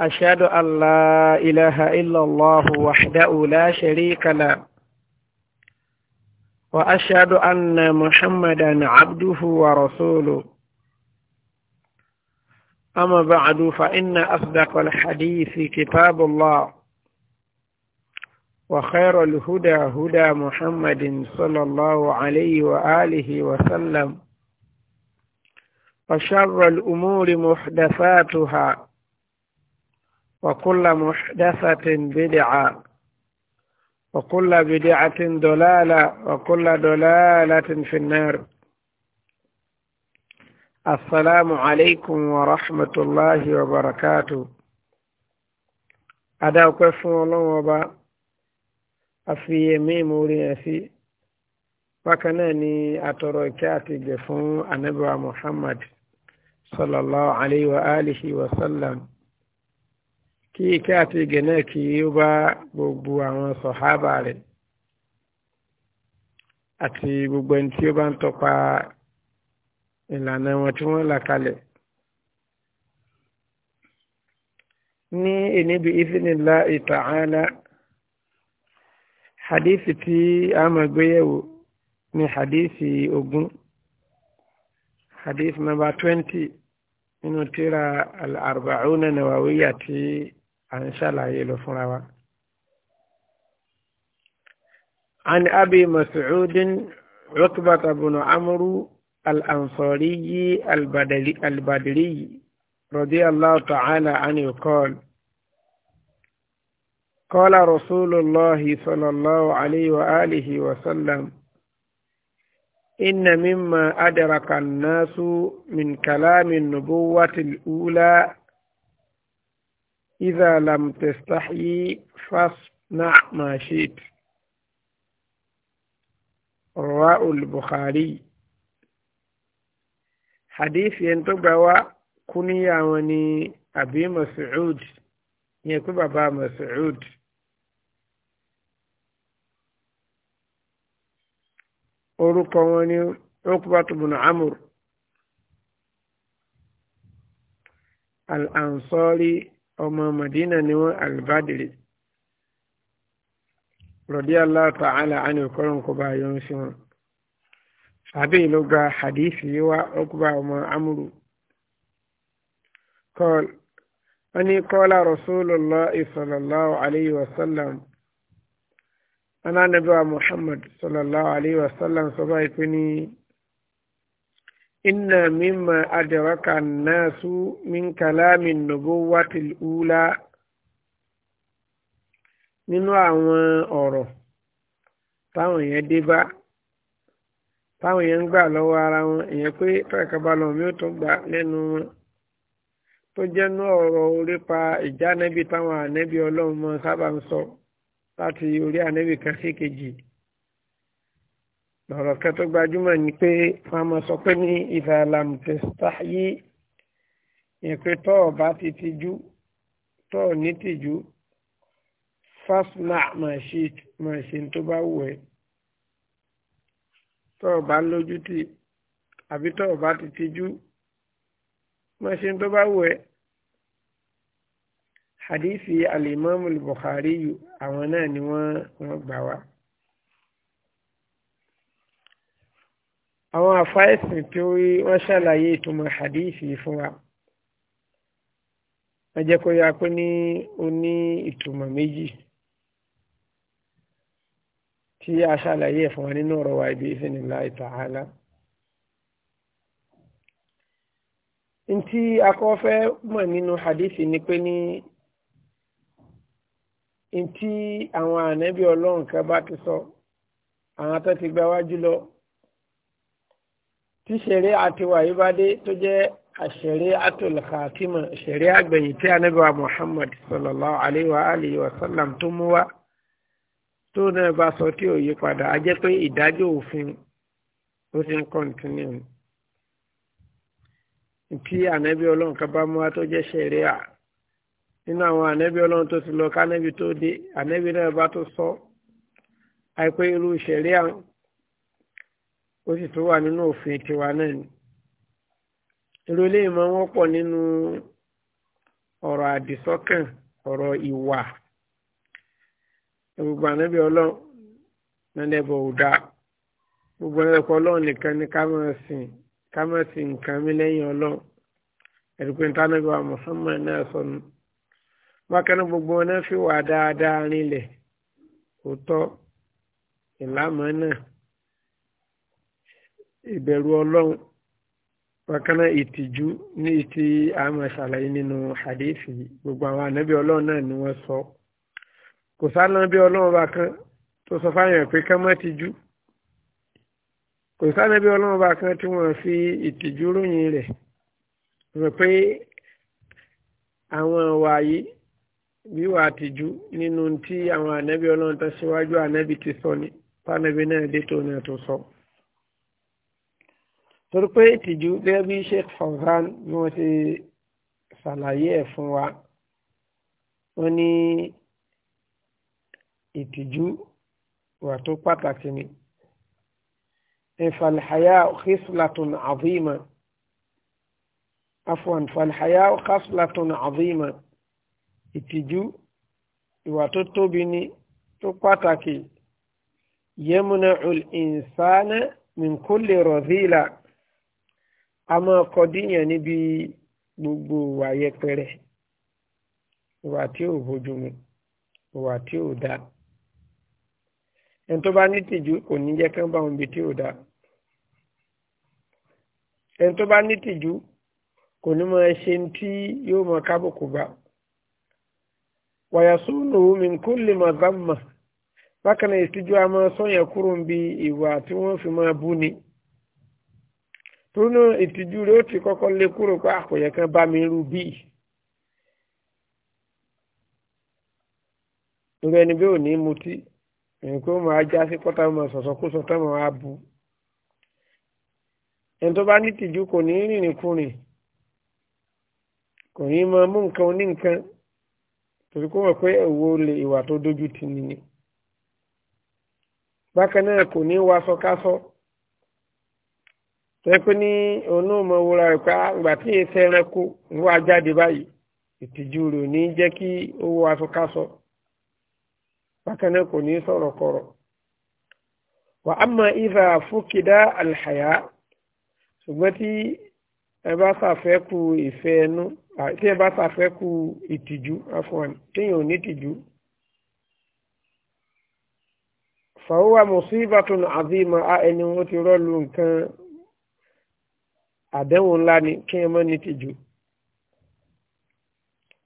أشهد أن لا إله إلا الله وحده لا شريك له وأشهد أن محمدا عبده ورسوله أما بعد فإن أصدق الحديث كتاب الله وخير الهدى هدى محمد صلى الله عليه وآله وسلم وشر الأمور محدثاتها وكل محدثة بدعة وكل بدعة دلالة، وكل دلالة في النار السلام عليكم ورحمة الله وبركاته أدا كفو الله وبا أفي يمي في. أفي وكناني أتركاتي جفو أنبوى محمد صلى الله عليه وآله وسلم kí ike àti ìgè náà kí ó bá gbogbo àwọn sọ̀hábà rẹ̀ àti gbogbo ẹni tí ó bá ń tọpa ìlànà wọn tí wọ́n là kalẹ̀. ní ìníbi ìfínilá ta'ala hadithi tí a máa gbéyẹ̀wò ní hadithi ogún hadith number twenty nínú tírà al-arba'una nawawiyyah tí à ń ṣàlàyé lọ عن أبي مسعود عقبة بن عمرو الأنصاري البدري, البدري رضي الله تعالى عنه قال قال رسول الله صلى الله عليه وآله وسلم إن مما أدرك الناس من كلام النبوة الأولى إذا لم تستحي فاصنع ما شئت رواه البخاري حديث ينتبه كنيا وني أبي مسعود يكون بابا مسعود orúkọ wọn ni Uqbatu bun al-Ansari ọmọ Madina ni wọ́n albadiri radiyallahu ta'ala anhu kọ́rọ̀ kó bá yọ sí wọn sàbí ló ga hadithi wa ọkùnbà ọmọ amúrù kọ́l wọ́n ní kọ́lá rasulullah sallallahu alayhi wa sallam anábẹ́wà Muhammad sallallahu alayhi wa sallam sọ báyìí pé ní. إن مما أدرك الناس من كلام النبوة الأولى nínú àwọn ọ̀rọ̀ táwọn èèyàn dé bá táwọn èèyàn ń gbà lọ́wọ́ ara wọn èèyàn pé tọ́ẹ̀kábàlọ̀ mi ò tún gbà lẹ́nu wọn tó jẹ́nu ọ̀rọ̀ orí pa ìjà ànẹ́bí táwọn ànẹ́bí ọlọ́run mọ́ sábà ń sọ láti orí kan sí kejì lọ́rọ̀ kan tó gbajúmọ̀ ni pé wọ́n máa sọ pé ní ìdàlám testahyi yẹn pé tọ́ ọ bá ti tijú tọ́ ọ ní tijú fasna máa ṣe máa ṣe tó bá wù ẹ́ tọ́ ọ bá lójú tì àbí tọ́ ọ bá ti tijú máa tó bá wù ẹ́ hadithi alimami bukhari àwọn náà ni wọ́n gbà wá. àwọn àfáìsìn tí wọ́n ṣàlàyé ìtumọ̀ hadithi fún wa wọ́n jẹ́ kó yá pé ní ó ní ìtumọ̀ méjì tí a ṣàlàyé ẹ̀ wa nínú ọ̀rọ̀ wa ibi iznillahi ta'ala. ntí akọ́fẹ́ mọ̀ nínú hadithi ni pé ní ntí àwọn ànábì ọlọ́run kan bá ti sọ àwọn tó ti gbáwájú lọ tí ṣeré àti wàyí bá dé tó jẹ́ àṣẹré àtòlùkàtìmọ̀ ṣeré àgbẹ̀yìn tí ànábì wa Muhammad sallallahu alaihi wa alihi wa sallam tó mú wá tó náà bá sọ tí ò yí padà a jẹ́ pé ìdájọ́ òfin ó ti ń kọ́ntínú tí ànábì ọlọ́run kan bá mú wá tó jẹ́ ṣeré à nínú àwọn ànábì ọlọ́run tó ti lọ kánẹ́bí tó dé ànábì náà bá tó sọ àìpé irú ṣeré àwọn ó sì tó wà nínú òfin tiwa náà ni irú eléyìí máa ń wọ́pọ̀ nínú ọ̀rọ̀ àdìsọ́kàn ọ̀rọ̀ ìwà gbogbo ànábì ọlọ́run nálẹ́bọ̀ ò gbogbo ànábì ọlọ́run nìkan ni ká máa sìn ká máa sìn nǹkan mi lẹ́yìn ọlọ́run ẹ̀dùnkún tánàbí wa Muhammad náà sọnù bákan náà gbogbo wọn fi wà dáadáa rinlẹ̀ òótọ́ ìlàmọ́ náà ìbẹ̀rù ọlọ́run bákanáà ìtìjú ní ti àmọ́ ṣàlàyé nínú hadithi gbogbo àwọn ànábì ọlọ́run náà ni wọ́n sọ kò sánábì ọlọ́run bá kan tó sọ fáyàn pé ká má tijú kò sánábì ọlọ́run bá kan tí wọ́n fi ìtìjú ròyìn rẹ̀ rẹ̀ pé àwọn ọ̀wà yìí tìjú nínú tí àwọn ànábì ọlọ́run tó ṣíwájú ànábì ti sọ ni tánàbì náà dé tó náà tó sọ. So torí pé ìtìjú gẹ́gẹ́ bí Sheikh Fawzan bí wọ́n ti ṣàlàyé ẹ̀ fún wa ó ní ìtìjú wà tó pàtàkì ni ìfàlìhàyà khislatun azima afwan falhaya khislatun azima ìtìjú ìwà tó tóbi ni tó pàtàkì yamna'u al-insana min kulli radhila a máa kọdíyàn níbi gbogbo ìwà yẹpẹrẹ ìwà tí ò bójú mu ìwà tí ò dáa ẹni tó bá ní tìjú kò ní jẹ́ kán bá wọn ibi tí ò dáa ẹni tó bá ní tìjú kò ní mọ ẹṣẹ tí yóò mọ kábùkù bá wàyàsúnù min kulli madhamma bákan náà ìtìjú a máa sọyàn kúrò ń bi ìwà tí wọ́n fi máa bú ni tónú ìtìjú rẹ̀ ó ti kọ́kọ́ lé kúrò pé àkòyẹ kan bá mi rú bíi irú ẹni bí ò ní mutí nǹkan máa já sí kọ́tà máa sọ̀sọ̀ kó sọ̀tà máa bu ẹni tó bá ní tìjú kò ní rìnrìnkùnrin kò ní máa mú nǹkan oní nǹkan torí kó mọ̀ pé èwo lè ìwà tó dójú tì nìyí bákan náà kò ní wá sọkásọ. So tẹ́kọ́ ní onóòmọ̀ wúra rẹ̀ pé àgbà ah, tí èsì ẹranko ń wá jáde báyìí ìtìjú rẹ̀ ò ní jẹ́ kí owó aṣọkáṣọ bákan náà kò ní sọ̀rọ̀ kọ̀rọ̀ wà á mọ ìfà fúkìdá àlàyé ṣùgbọ́n tí ẹ bá ṣàfẹ́kù ìfẹ́ ẹnu tí ẹ bá ṣàfẹ́kù ìtìjú afọ́n téèyàn ò ní tìjú. fàwọn musibatun azima a ẹni wọn ti rọ́ọ̀lù nǹkan àdẹ́wò ńlá ni kí ẹ mọ́ ní tìjú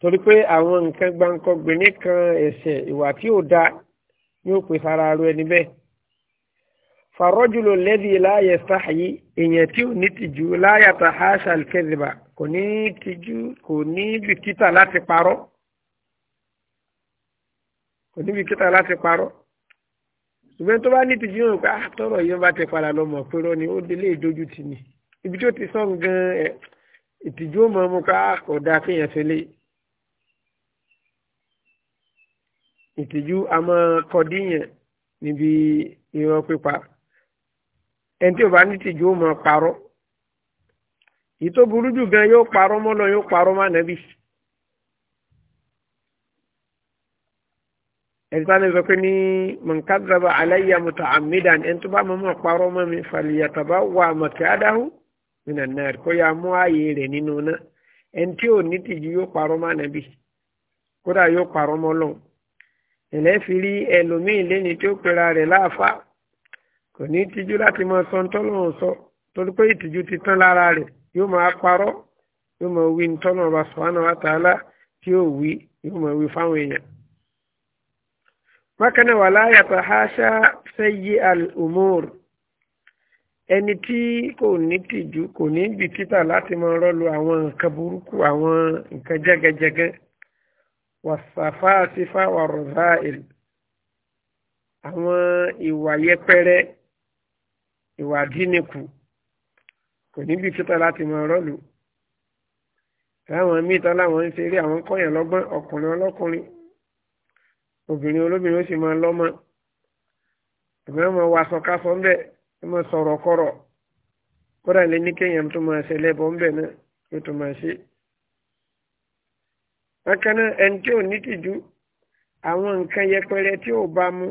torí pé àwọn nǹkan gbàǹkọ̀gbè nìkan ẹ̀ṣẹ̀ ìwà tí ò da yóò pè fara ru ẹni bẹ́ẹ̀ farọ́jùlọ lẹ́bi láàyè sáàyí èèyàn tí ò ní tìjú láyàtà haṣà kẹ́zìbà kò ní tìjú kò ní bìkítà láti parọ́ kò ní bìkítà láti parọ́ ṣùgbọ́n tó bá ní tìjú yóò pé àtọ̀rọ̀ ah, yóò bá ti padà lọ mọ̀ pé rọ́ ni ó délé ìdójú tì ibi tó ti sàn gan ẹ̀ ìtìjú ó máa mú ká ọ̀dà kéèyàn ṣẹlẹ̀ ìtìjú a máa kọdíyàn níbi irọ́ pípa ẹni tí ò bá ní ìtìjú ó máa parọ́ èyí tó burú jù gan yóò parọ́ mọ́ lọ yóò parọ́ má nàbì. ẹ̀sìtánì sọ pé ní mọ̀nkádàbà aláyàmùtà àmìdàn ẹni tó bá mọ̀ parọ́ mọ́ mi fàlìyàtàbá wà mọ̀kẹ́ adáhùn nínú náà kó yá mú ààyè rẹ̀ nínú náà ẹni tí ò ní tìjú yóò parọ́ mọ́ ànábì kódà yóò parọ́ mọ́ lọ́hùn ẹlẹ́fi rí ẹlòmíì lẹ́ni tí ó pera rẹ̀ láàfà kò ní tìjú láti mọ sọ tọ́lọ́hún sọ torí pé ìtìjú ti tán lára rẹ̀ yóò máa parọ́ yóò máa wí tọ́lọ́hún ọba sọ̀hánà wàtàlá tí ó wí yóò máa wí fáwọn èèyàn. bákan náà wà láyàtọ̀ haṣá sẹ́yí al-umur ẹni tí kò ní tìjú kò ní bìkítà láti máa rọ́lu àwọn nǹkan burúkú àwọn nǹkan jẹ́gẹ́jẹ́gẹ́ wàsàfà sífà wàrọ̀sà èlò àwọn ìwà yẹpẹrẹ ìwà dínìkù kò ní bìkítà láti máa rọ́lu láwọn míì tán láwọn ń ṣeré àwọn kọ́yàn lọ́gbọ́n ọkùnrin ọlọ́kùnrin obìnrin olóbìnrin ó sì máa lọ́mọ ìgbà wọn wọ aṣọ ń bẹ́ẹ̀ ẹ máa sọ̀rọ̀ kọ̀rọ̀ ni ke ní kéèyàn tó le ṣẹlẹ̀ bọ́ ńbẹ̀ náà yóò tó máa ṣe. bákan náà ẹni tí ò ní tìjú àwọn nǹkan yẹpẹrẹ tí ò bá mu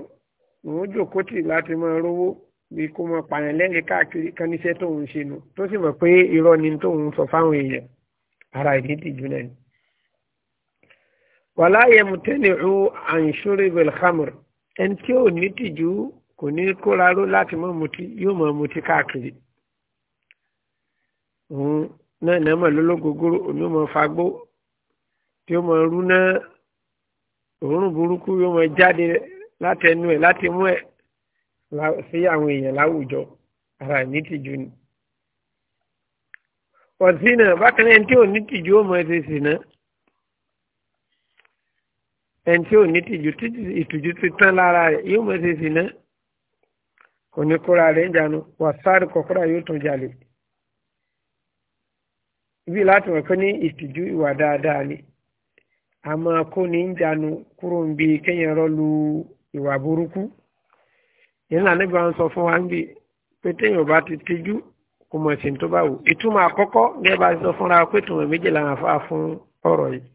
òun jòkó tì láti máa rówó bí kó máa pààyàn lẹ́yìn káàkiri kan níṣẹ́ tó ń ṣe nu tó sì mọ̀ pé irọ́ ni tó ń sọ fáwọn èèyàn ara ìdí tìjú náà ni. wàláyé mutẹ́ni ru àǹṣúrí belhamr ẹni tí ò ní tìjú kò ní kóra ró láti mọ́ mutí yóò mọ́ mutí káàkiri òun náà náà mọ̀ lólógógóró òun yóò mọ́ fagbó tí ó mọ́ rú náà òórùn burúkú yóò mọ́ jáde láti ẹnu ẹ̀ láti mú ẹ̀ sí àwọn èèyàn láwùjọ ara ní tìjú ni. ọ̀sìn náà bákan ẹni tí ò ní tìjú ó mọ ẹsẹ̀ sí náà ẹni tí ò ní ìtìjú ti tán lára rẹ̀ yóò mọ ẹsẹ̀ sí náà kò ní kóra rẹ̀ ń jánu wà sáré kọ̀kọ́ra yóò tún jalè ibi láti wọ̀ pé ní ìtìjú ìwà dáadáa ni àmọ́ kó ní ń jánu kúrò ń bi kéèyàn rọ́lu ìwà burúkú ìlànà nígbà ń sọ fún wa ń bì pé téèyàn bá ti tijú kò mọ̀ sí tó bá wù ìtumọ̀ àkọ́kọ́ gẹ́gẹ́ bá sọ fúnra pé tùmọ̀ méjì làwọn afá fún ọ̀rọ̀ yìí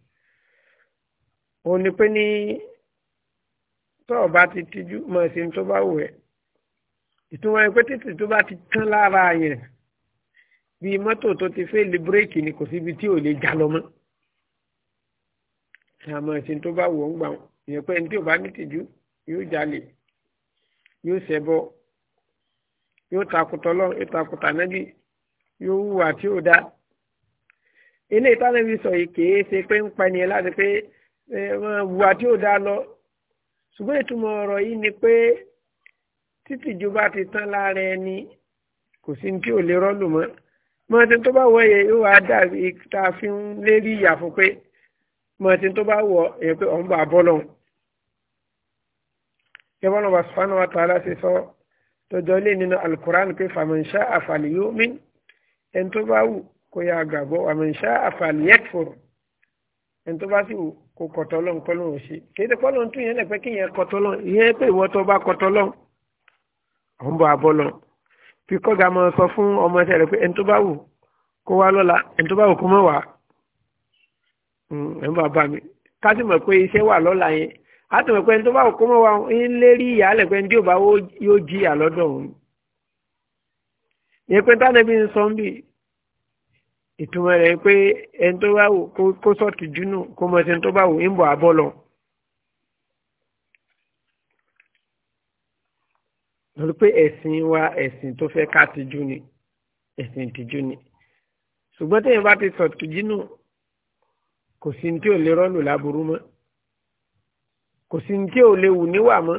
òun ni pé ní tọ́ọ̀ bá ti tijú mọ̀ sí tó bá wù ẹ́ ìtumọ̀ ẹni pé títì tó bá ti tán lára yẹn bíi mọ́tò tó ti fẹ́ẹ́ lè bírèkì ni kò síbi tí ò lè já lọ mọ́ àmọ́ ẹ̀sìn tó bá wọ̀ ń gbà yẹn pé ẹni tí ò bá ní tìjú yóò jalè yóò ṣẹbọ yóò takùtọ lọ yóò takùtà nábì yóò hùwà tí ò dá ilé ìtànàbí sọ yìí kìí ṣe pé ń pa ènìyàn láti pé hùwà tí ò dá lọ ṣùgbọ́n ìtumọ̀ ọ̀rọ̀ yìí ni pé títí ju bá ti tán lára ẹni kò sí tí ò lè rọ́lù mọ́ mọ́tí tó bá wọ̀ yẹ yóò wá dàbí ta fi ń lérí ìyà fún pé mọ́tí tó bá wọ̀ yẹ pé ọ̀n bá bọ́ lọ́hùn. yẹ́wọ́n lọ́wọ́ sùfánà wa tààlà ṣe sọ tọjọ́ lé nínú alukuran pé fàmìṣá àfàlìyómi ẹni tó bá wù kó yà gbàgbọ́ fàmìṣá àfàlìyẹ́kfọ̀rọ̀ ẹni tó bá sì wù kó kọ̀tọ́ lọ́n kọ́ kéde kọ́ tún yẹn lẹ́pẹ́ kí yẹn kọ́tọ́ lọ́n pé ìwọ́tọ́ bá kọ́tọ́ ọ̀hún bọ̀ abọ́ lọ fi kọ́gà mọ́ sọ fún ọmọ ẹsẹ̀ rẹ̀ pé ẹni tó bá wù kó wá lọ́la ẹni tó bá wù kó mọ̀ wá hmm, ẹni bàbá mi ká sì mọ̀ pé iṣẹ́ wà lọ́la yẹn á sì mọ̀ pé ẹni tó bá wù kó mọ̀ wá ń lérí ìyáálẹ̀ pé ẹni tí ò bá yóò jìyà lọ́dọ̀ òun ìyẹn pé tánàbí ń sọ ń bì ìtumọ̀ rẹ̀ pé ẹni tó bá wù kó sọ̀tì júnù kó mọ̀ sí ẹni tó bá wù ń bọ̀ abọ́ lọ. torí pé ẹ̀sìn wa ẹ̀sìn tó fẹ́ ká tijú ni ẹ̀sìn tijú ni ṣùgbọ́n téèyàn bá ti sọ tijú nù kò sí ní tí ò lè rọ́ọ̀lù láburú mọ́ kò sí ní tí ò lè wù níwà mọ́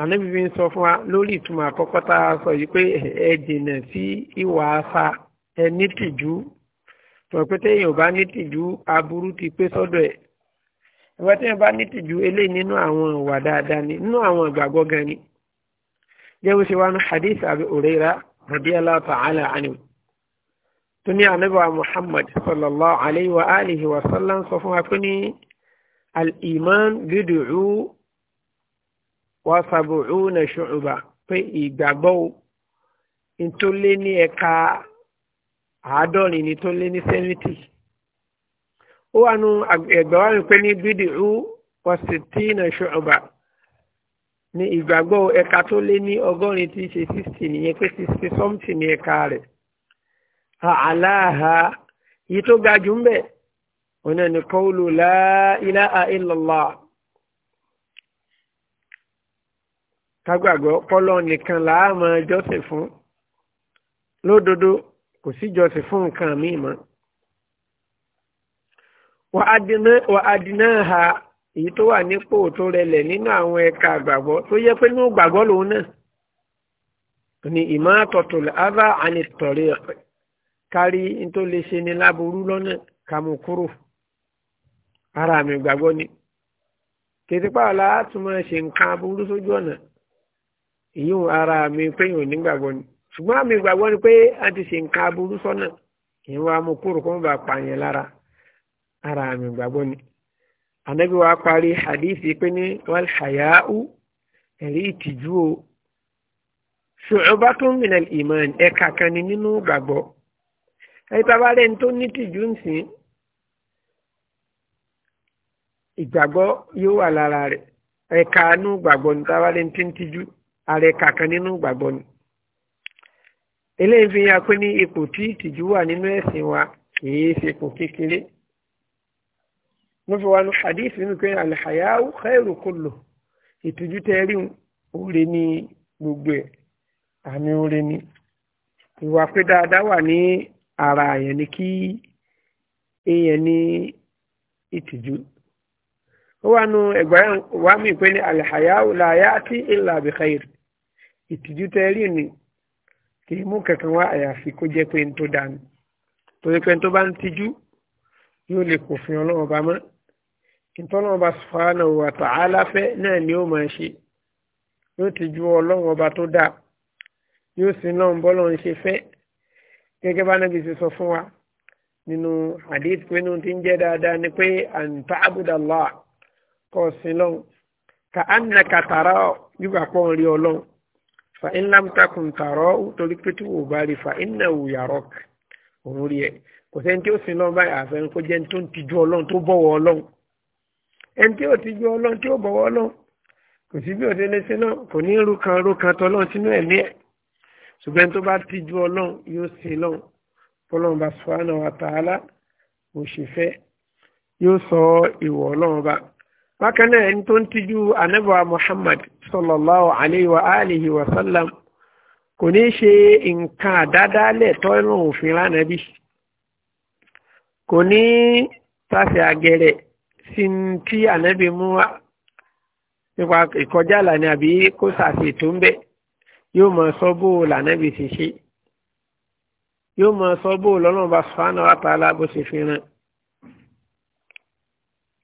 ànábì fi ń sọ fún wa lórí ìtumọ̀ àkọ́kọ́ tá a sọ yìí pé ẹ dènà sí ìwà àṣà ẹ ní tìjú sọ pé téèyàn bá ní tìjú aburú ti pé sọ́dọ̀ ẹ̀ ìwà téèyàn bá ní tìjú eléyìí nínú àwọn ìwà dáadáa ni nínú àwọn ìgbàgbọ́ gan ni gẹ́gẹ́ ṣe wá ní hadith àbí òrera radiyallahu ta'ala anhu tó ní ànábà muhammad sallallahu alayhi wa alihi wa sallam sọ fún wa pé ní al-iman bid'u wa sab'una shu'ba pé ìgbàgbọ́ tó lé ní ẹ̀ka àádọ́rin ni tó lé ní sẹ́mítì ó wà nù ẹgbẹ̀wá pé ní bid'u wa sittina shu'ba. ni ìgbàgbọ́ ẹ̀ka tó lé ní ọgọ́rin tí ṣe sixty nìyẹn pé something ní ẹ̀ka rẹ̀ àláha yìí tó ga jù ń bẹ̀ ọ̀nà ni qawlu la ilaha illallah kágbàgbọ́ pọ́lọ́ nìkan láàmú jọ́sìn fún lódodo kò sí jọ́sìn fún èyí tó wà nípò tó rẹlẹ̀ nínú àwọn ẹ̀ka àgbàgbọ́ tó yẹ pé nínú gbàgbọ́ lòun náà ni ìmọ̀ àtọ̀tọ̀ lábá ànitọ̀rẹ́ kárí tó lè ṣe ni láburú lọ́nà kàmú kúrò ara mi gbàgbọ́ ni kìtìpá ọ̀la àtúmọ̀ ṣe nǹkan aburú sójú ọ̀nà ìyún ara mi pé yòó nígbàgbọ́ ni ṣùgbọ́n àmì ìgbàgbọ́ ni pé a ti ṣe nǹkan aburú sọ́nà ìwọ̀n amúkúrò kó ń bá pààyàn lára ara àmì ìgbàgbọ́ ni ànábì wa parí hadithi pé ní walhayau ẹ̀rí ìtìjú o ṣu'batun minal iman ẹ̀ka kan ni nínú gbàgbọ́ ẹ̀rí tábà rẹ̀ tó ní tìjú ń sìn ìgbàgbọ́ yóò wà lára rẹ̀ ẹ̀ka nínú gbàgbọ́ ni tábà rẹ̀ ti ń tìjú ara ẹ̀ka kan nínú gbàgbọ́ ni eléyìí fi hàn pé ní ipò tí ìtìjú wà nínú ẹ̀sìn wa kì í ṣe ipò wọ́n fi wá nu hadith nínú pé alhayahu khairu kullu ìtújú tẹ́rí òre ní gbogbo ẹ̀ àmì òre ní ìwà pé dáadáa wà ní ara àyàn ní kí èèyàn ní ìtìjú ó wà nù ẹgbẹ́ wa mi pé ní alhayahu la ya'ti illa bi khair ìtìjú tẹ́rí ni kì í mú kankan wá àyàfi kó jẹ́ pé n tó dànù torí pé n tó bá ń tijú yóò lè kò fún ọlọ́wọ́ bá mọ́ ìtọ́nà ọba subhanahu wa ta'ala fẹ́ náà ni ó máa ṣe yóò ti ju ọlọ́run ọba tó dáa yóò sì náà ń bọ́lọ̀ ń ṣe fẹ́ gẹ́gẹ́ bá nàbì ṣe sọ fún wa nínú hadith pé nínú ti ń jẹ́ dáadáa ni pé an ta'buda Allah kọ́ sí lọ́hùn ka annaka tarahu nígbà pọ̀ ń rí ọlọ́run fa in lam takun tarahu torí pé tí wò bá rí fa innahu yarak òun rí ẹ kò sẹ́ni tí ó sin lọ́hùn báyìí àfẹnukó jẹ́ ní tó ń tijú ọlọ́run tó bọ̀wọ̀ ọlọ́run ẹni tí ò ti ju ọlọ́run tí ò bọ̀wọ́ ọlọ́run kò sí bí òde léṣe náà kò ní rúkan rúkan tọ́lọ́run sínú ẹ̀mí ẹ̀ ṣùgbọ́n tó bá ti ju ọlọ́run yóò ṣe lọ́run bọ́lọ́run bá subhanahu wa ta'ala mo ṣe fẹ́ yóò sọ ìwọ̀ ọlọ́run bá bákan náà ẹni tó ń tijú anábọ̀wá Muhammad sallallahu alayhi wa alihi wa sallam kò ní ṣe nǹkan àdádálẹ̀ tọ́lọ́run òfin lánàá bí kò ní tàṣẹ àgẹ̀rẹ̀ sí tí ànábì mú wá nípa ìkọjá lànà àbí kó sàfètò ń bẹ yóò máa sọ bó o lànábì ti ṣe yóò máa sọ bó o lọ́nà bá sọ́nà wà tá a lábò ṣe fi ràn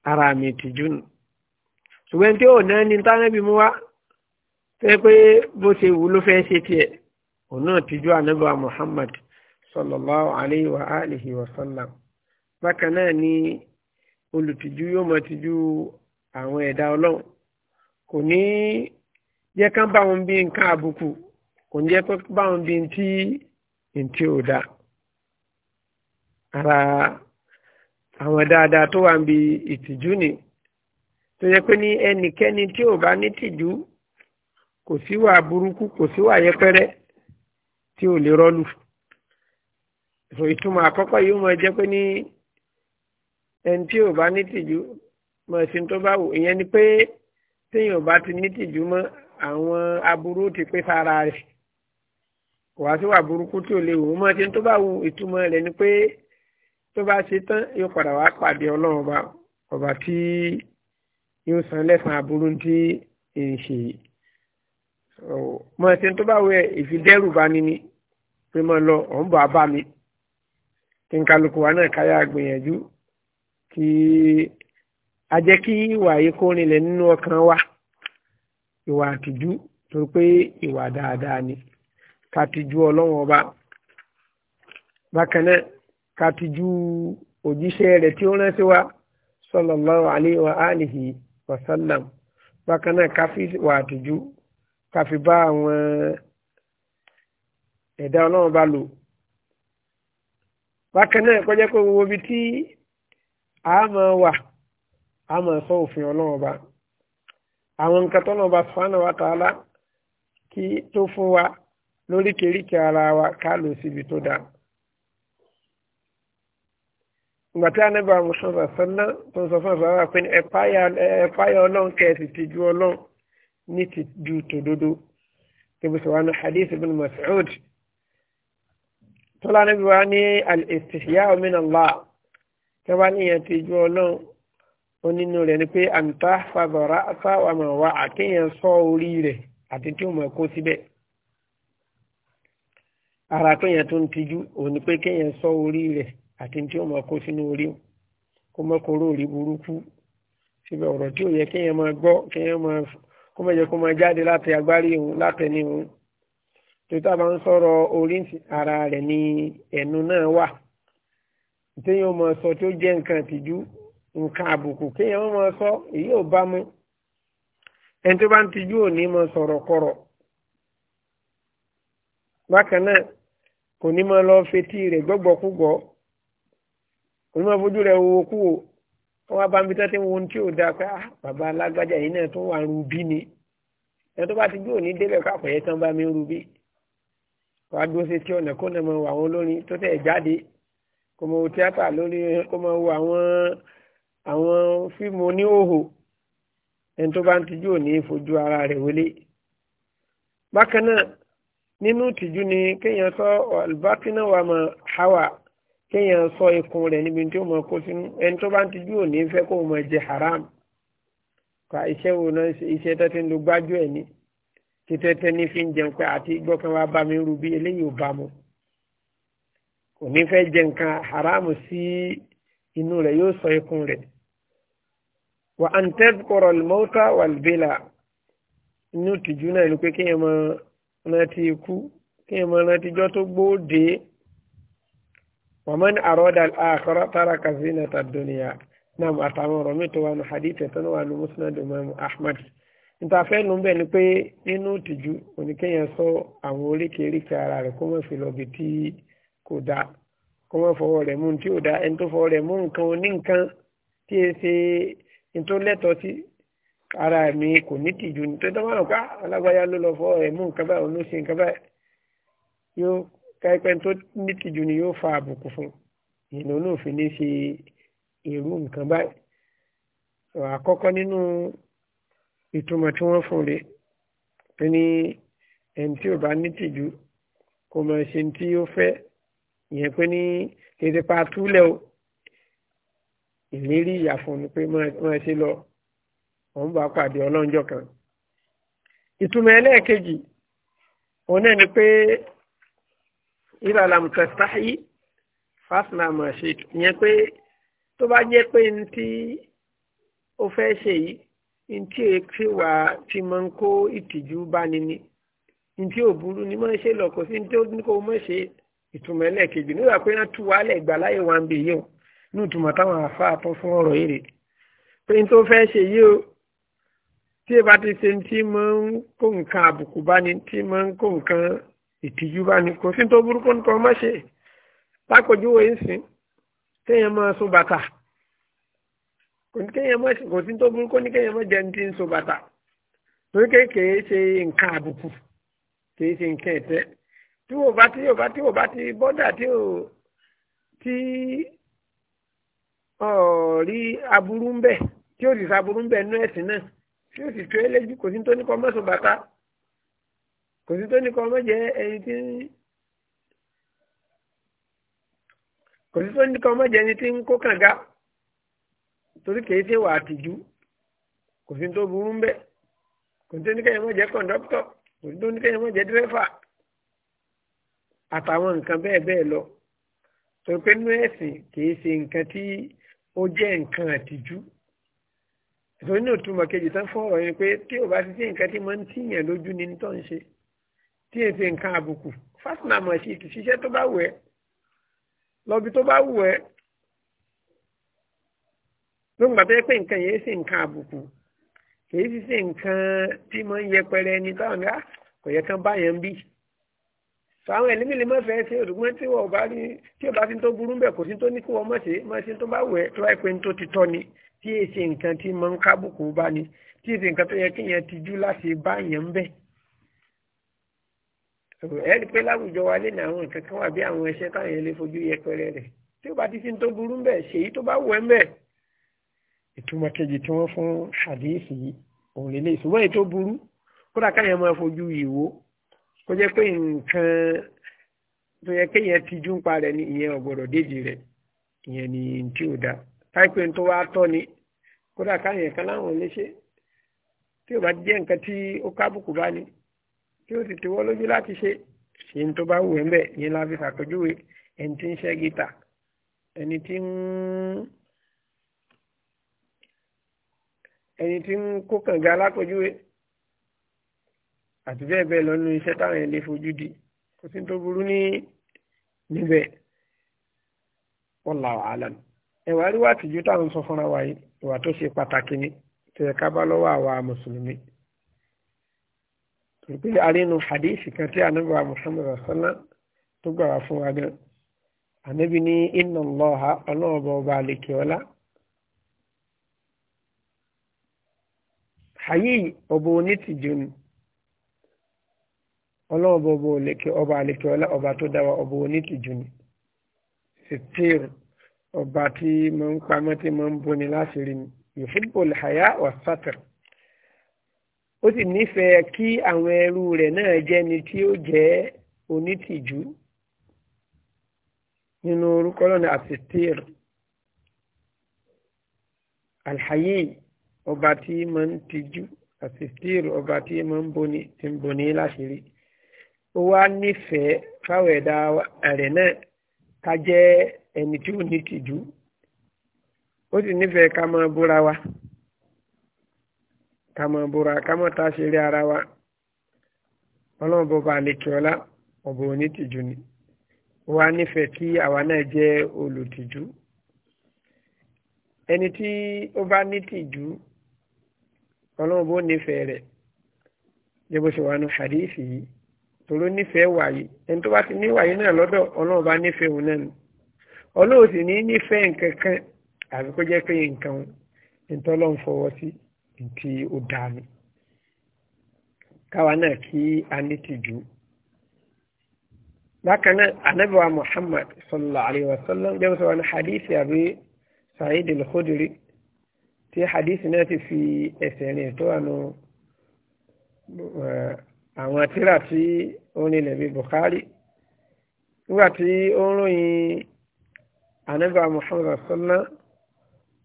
ara mi tìjú nù ṣùgbọ́n tí ò náà ní tánàbì mú wá fẹ́ pé bó ṣe wù ló fẹ́ ṣe tiẹ̀ òun náà tìjú ànábì Muhammad sallallahu alayhi wa alihi wa sallam bákan náà ni olùtìjú yóò máa tìjú àwọn ẹ̀dá ọlọ́run kò ní jẹ́ ká bá wọn bí nǹkan àbùkù kò ní jẹ́ ká bá bí ntí ntí ò dá ara àwọn dáadáa tó wà ń bi ìtìjú ni tó yẹ pé ní ẹnikẹ́ni tí ò bá ní tìjú kò síwà burúkú kò síwà yẹpẹrẹ tí ò lè rọ́lù ìtumọ̀ àkọ́kọ́ yìí ó máa jẹ́ pé ní ẹni tí ò bá ní tìjú mọ̀ sí tó bá wò ìyẹn ni pé téèyàn bá ti ní tìjú mọ́ àwọn aburú ti pé sára rẹ̀ wà sí wà burúkú tí ò lè wò mọ́ sí tó bá wù ìtumọ̀ rẹ̀ ni pé tó bá ṣe tán yóò padà wá pàdé ọlọ́run ọba ọba tí yóò san lẹ́sàn aburú tí ń ṣe yìí mọ̀ sí tó bá wù ẹ̀ ìfidẹ́rù bá ní ni pé mọ̀ lọ ọ̀ ń bọ̀ abá mi kí n kálukú wa náà káyà gbìyànjú kí a jẹ́ kí ìwà yìí kó rinlẹ̀ nínú ọkàn wa ìwà àtijú torí pé ìwà dáadáa ni ká tijú ọlọ́run ọba bákan náà òjíṣẹ́ rẹ̀ tí ó rán sí wa sallallahu alaihi wa alihi wa sallam bákan náà ká bá àwọn ẹ̀dá ọlọ́run ọba lò bákan kọjá pé gbogbo ibi tí a máa wà a máa sọ òfin ọlọ́run ọba àwọn nǹkan tọ́lọ́run ọba sùfánà wa tààlà kí tó fún wa lóríkèéríkèé ara wa ká lò síbi tó dáa. ìgbà tí anábì àmúṣọ́sà sọ́nà tó ń sọ fún ọ̀sán wà pé ẹ̀páyà ọlọ́run kẹ́ẹ̀sì ti ju ọlọ́run ní ti ju tòdodo tẹ́bí sọ wà ní hadith ibn Mas'ud tọ́lá anábì wa ní al-istihya min Allah tẹ́wá níyẹn ti ju ọlọ́run ó nínú rẹ̀ ni pé àǹtá fàbọ̀rá sáwàmọ̀ wa àkéèyàn sọ orí rẹ̀ àti tí ó mọ̀ kó síbẹ̀ ara kéèyàn tó ń tijú òun ni pé kéèyàn sọ orí rẹ̀ àti tí ó mọ̀ kó sínú orí kó mọ̀ kóró orí burúkú síbẹ̀ ọ̀rọ̀ tí ò yẹ kéèyàn máa gbọ́ kéèyàn máa kó mọ̀ jẹ́ kó máa jáde láti agbárí òun látẹni òun tó tábà ń sọ̀rọ̀ orí ara rẹ̀ ni ẹnu náà wà téèyàn mọ̀ sọ tó jẹ́ nǹkan tìjú nǹkan àbùkù kéèyàn mọ̀ sọ èyí ò bá mú ẹni tó bá ń tìjú ò ní mọ̀ sọ̀rọ̀ kọ̀rọ̀ bákan náà kò ní mọ̀ lọ fetí rẹ̀ gbọ́gbọ́kúgbọ́ kò ní mọ̀ fojú rẹ̀ wo kú o wọ́n bá ń bi tán tí wọ́n tí ò dáa pé ah, bàbá alágbájá yìí náà tó wà rubí ni ẹni tó bá ti dúró ní délẹ̀ ah, káàkó yẹn tán bá mi ń rubí wàá dúró sí tí ọ̀nà kó nà mọ àwọn olórin tó tẹ̀ jáde kò mọ wo tíátà lórí kò mọ wo àwọn àwọn fíìmù oníhòhò ẹni tó bá ń tijú ò ní fojú ara rẹ̀ wọlé bákan náà nínú tìjú ni kéèyàn sọ albákínà wà mọ hawa kéèyàn sọ ikùn rẹ̀ níbi tí ó mọ kó sínú ẹni tó bá ń tijú ò ní fẹ́ kó mọ jẹ haram ka iṣẹ́ wo náà iṣẹ́ tẹ́tẹ́ ń lo gbájú ẹ̀ ní títẹ́tẹ́ ní fi ń jẹun pé àti gbọ́kànwá bá mi rú bí eléyìí ò bá mu kò ní fẹ́ jẹ nǹkan haramu sí inú rẹ̀ yóò sọ ikùn rẹ̀ wà á ń tẹ́kọ̀rọ̀ mọ́tà wàlbélà inú tìjú náà ló pé kéèyàn máa rántí ikú kéèyàn máa rántí jọ́ tó gbóòdè wàmán àròdà àkọ́rọ́ tára kazina tàdúnìyà náà àtàwọn ọ̀rọ̀ mi tó wà ní hadith tó wà ní musnad imam ahmad níta fẹ́ nu bẹ́ẹ̀ ni pé nínú tìjú oníkéèyàn sọ àwọn oríkèéríkèé ara rẹ̀ kó má fi lọ tí kò dáa kó má fọwọ́ rẹ̀ mú tí ò dáa ẹni tó fọwọ́ rẹ̀ mú nǹkan oní nǹkan tí e ṣe ní tó lẹ́tọ̀ọ́ sí ara mi kò ní tìjú ní tó dáwọn àrùn ká alágbáyá ló lọ fọwọ́ rẹ̀ mú nǹkan báyìí ló ṣe nǹkan báyìí yóò káyipẹ́ tó ní tìjú ni yóò fa àbùkù fún ìlú náà fi ní ṣe irú nǹkan báyìí àkọ́kọ́ nínú ìtumọ̀ tí wọ́n fún rẹ̀ pé ẹni tí ò bá ní tìjú kò mọ̀ ṣe ní tí fẹ́ ìyẹn pé ní èdè pa túlẹ̀ o ìlérí ìyà fún ni pé máa ṣe lọ òun bá pàdé ọlọ́njọ́ kan ìtumọ̀ ẹlẹ́ẹ̀kejì òun náà ni pé ìlàlàmù tẹ̀sítáì fásinà máa ìyẹn pé tó bá jẹ́ pé ní tí ó fẹ́ ṣe yìí ní tí èsì e wà tí máa ń kó ìtìjú bá ni ni ní tí ò burú ni máa ṣe lọ kò sí ní tí ó ní kó máa ṣe é ìtumọ̀ ẹlẹ́ẹ̀kejì nígbà pé wọ́n tú wa lẹ̀ gbà láyé wa ń bè yìí o ní ìtumọ̀ táwọn àfáà tó fún ọ̀rọ̀ yìí rè pé n tó fẹ́ ṣe yìí o tí ẹ bá ti ṣe tí mo ń kó nǹkan àbùkù bá ní tí mo ń kó nǹkan ìtìjú bá ní kò sí tó burúkú nǹkan ọmọ ṣe lákòjúwò yìí sìn kéèyàn máa so bàtà kò ní kéèyàn máa kò sí tó burúkú ní kéèyàn máa jẹun tí ń so bàtà torí kéèké ṣe nǹkan àbùkù kì í ṣe tí o bá tí yóò bá tí wò bá ti bọ́dà tí ò tí ọ̀rí aburú ń bẹ̀ tí ó sì saburú ń bẹ̀ nú ẹ̀sìn náà tí ó sì tó é léjú kò sí tó ní kọ́ mọ́sùn bàtà kò sí tó ní kọ́ mọ́ jẹ́ ẹni tí ń kò sí tó ní kọ́ mọ́ jẹ́ ẹni tí ń kó kànga torí kìí ṣe wà àtìjú kò sí tó burú ń bẹ̀ kò sí tó ní kẹ́yìn mọ́ jẹ́ kọ̀ńdọ́kítọ̀ kò sí tó ní kẹ́yìn mọ́ jẹ́ dírẹ́fà àtàwọn nǹkan bẹ́ẹ̀ bẹ́ẹ̀ lọ tó pé nínú ẹ̀sìn kìí ṣe nǹkan tí ó jẹ́ nǹkan àtijú ìtòrí náà túmọ̀ kejì tán fún ọ̀rọ̀ yẹn pé tí ò bá ti sí nǹkan tí máa ń tíyàn lójú ni tó ń ṣe tí èyí ṣe nǹkan àbùkù fásitì àmọ̀ sí ìtì ṣiṣẹ́ tó bá wù ẹ́ lọ́bi tó bá wù ẹ́ ló ń gbà tó yẹ pé nǹkan yẹn ṣe nǹkan àbùkù kìí ṣiṣẹ́ nǹkan tí máa ń yẹpẹrẹ ẹni táwọn ní ah, kò yẹ kán báyẹn ń bí fáwọn ẹlẹ́mìí lè má fẹ́ ṣe òdùgbọ́n tí wọ́n bá rí tí ọba ti tó burú bẹ̀ kò sí tó ní kí wọ́n má ṣe má ṣe tó bá wẹ̀ tó wáyé pé tó ti tọ́ ni tí èyí ṣe nǹkan tí mọ ń kábùkù bá ni tí èyí ṣe nǹkan tó yẹ kí yẹn ti jú láti bá yẹn ń bẹ̀. ẹ rí i pé láwùjọ wa lé ní àwọn nǹkan kan wà bí àwọn ẹṣẹ táwọn yẹn lè fojú yẹpẹrẹ rẹ̀ tí ọba ti fi tó burú bẹ̀ ṣèyí tó bá wẹ̀ ń bẹ̀. ìtumọ̀ kejì tí wọ́n fún àdéhìsì yìí òun èyí tó burú kódà káyọ̀ máa fojú ìwò kó jẹ́ pé nǹkan tó yẹ kéèyàn ti jú ń pa rẹ̀ ní ìyẹn ọ̀gbọ̀dọ̀ déjì rẹ̀ ìyẹn ni tí ò dáa táìpẹ́ tó wá tọ́ ni kódà káyẹn kan láwọn oníṣe tí ò bá jẹ́ nǹkan tí ó kábùkù bá ní tí ó sì ti wọ́ lójú láti ṣe ṣe ń tó bá wù ẹ́ ń bẹ̀ yẹn la fi ṣàpèjúwe ẹni tí ń ṣẹ́ gítà ẹni tí ń ẹni tí ń kó kànga lápèjúwe àti bẹ́ẹ̀ bẹ́ẹ̀ lọ́nu iṣẹ́ táwọn èèyàn lè fojú di kò sí tó burú ní níbẹ̀ wallahu alam ẹ̀wà rí wà tìjú táwọn sọ fúnra wa yìí ìwà tó ṣe pàtàkì ni tó yẹ ká bá lọ́wọ́ àwa mùsùlùmí torí pé arínú hadisi kan tí ànábà Muhammad sọ́nà tó gbà wá fún wa gan ànábì ní inna Allaha ọlọ́ọ̀bọ̀ ọba àlèkè ọlá hayí ọba onítìjú ni ọlọ́run bọ̀bọ̀ lékè ọba àlékè ọlá ọba tó dáwà ọba onítìjú ni sitir ọba tí mo ń pamọ́ tí mo ń boni láṣìírí ni yòfúbọ̀lù àyà ọ̀sátìr ó sì nífẹ̀ẹ́ kí àwọn ẹrú rẹ̀ náà jẹ́ni tí ó jẹ́ onítìjú nínú orúkọ lọ́nà àsitir alhayi ọba tí mo ń tijú àsitir ọba tí mo ń boni tí ń boni ó wá nífẹ̀ẹ́ fáwọn ẹ̀dá rẹ̀ náà ká jẹ́ ẹni tí ò ní tìjú ó sì nífẹ̀ẹ́ ká máa búra wa ká máa búra ká máa ta ṣe rí ara wa ọlọ́run bọba àlekè ọlá ọ̀bọ onítìjú ni ó wá nífẹ̀ẹ́ kí àwa náà jẹ́ olùtìjú ẹni tí ó bá nítìjú ọlọ́run bó nífẹ̀ẹ́ rẹ̀ jẹ́ bó ṣe wà nù hadisi yìí tòró nífẹ̀ẹ́ wàyí ẹni tó bá ti ní wàyí náà lọ́dọ̀ ọlọ́run bá nífẹ̀ẹ́ òun náà nù ọlọ́run sì ní nífẹ̀ẹ́ nǹkan kan àbí kó jẹ́ pé nǹkan ìtọ́lọ́run fọwọ́ sí nǹkí ó dáa káwa náà kí a ní tìjú. bákan náà ànábì Muhammad sallallahu alayhi wa sallam jẹ́ sọ wọn hadith àbí Sa'id al-Khudri tí hadith náà ti fi ẹsẹ̀ rìn tó wà nù àwọn tíra tí ó nílẹ̀ bíi Bukhari nígbà tí ó ń ròyìn anábà Muhammad sallam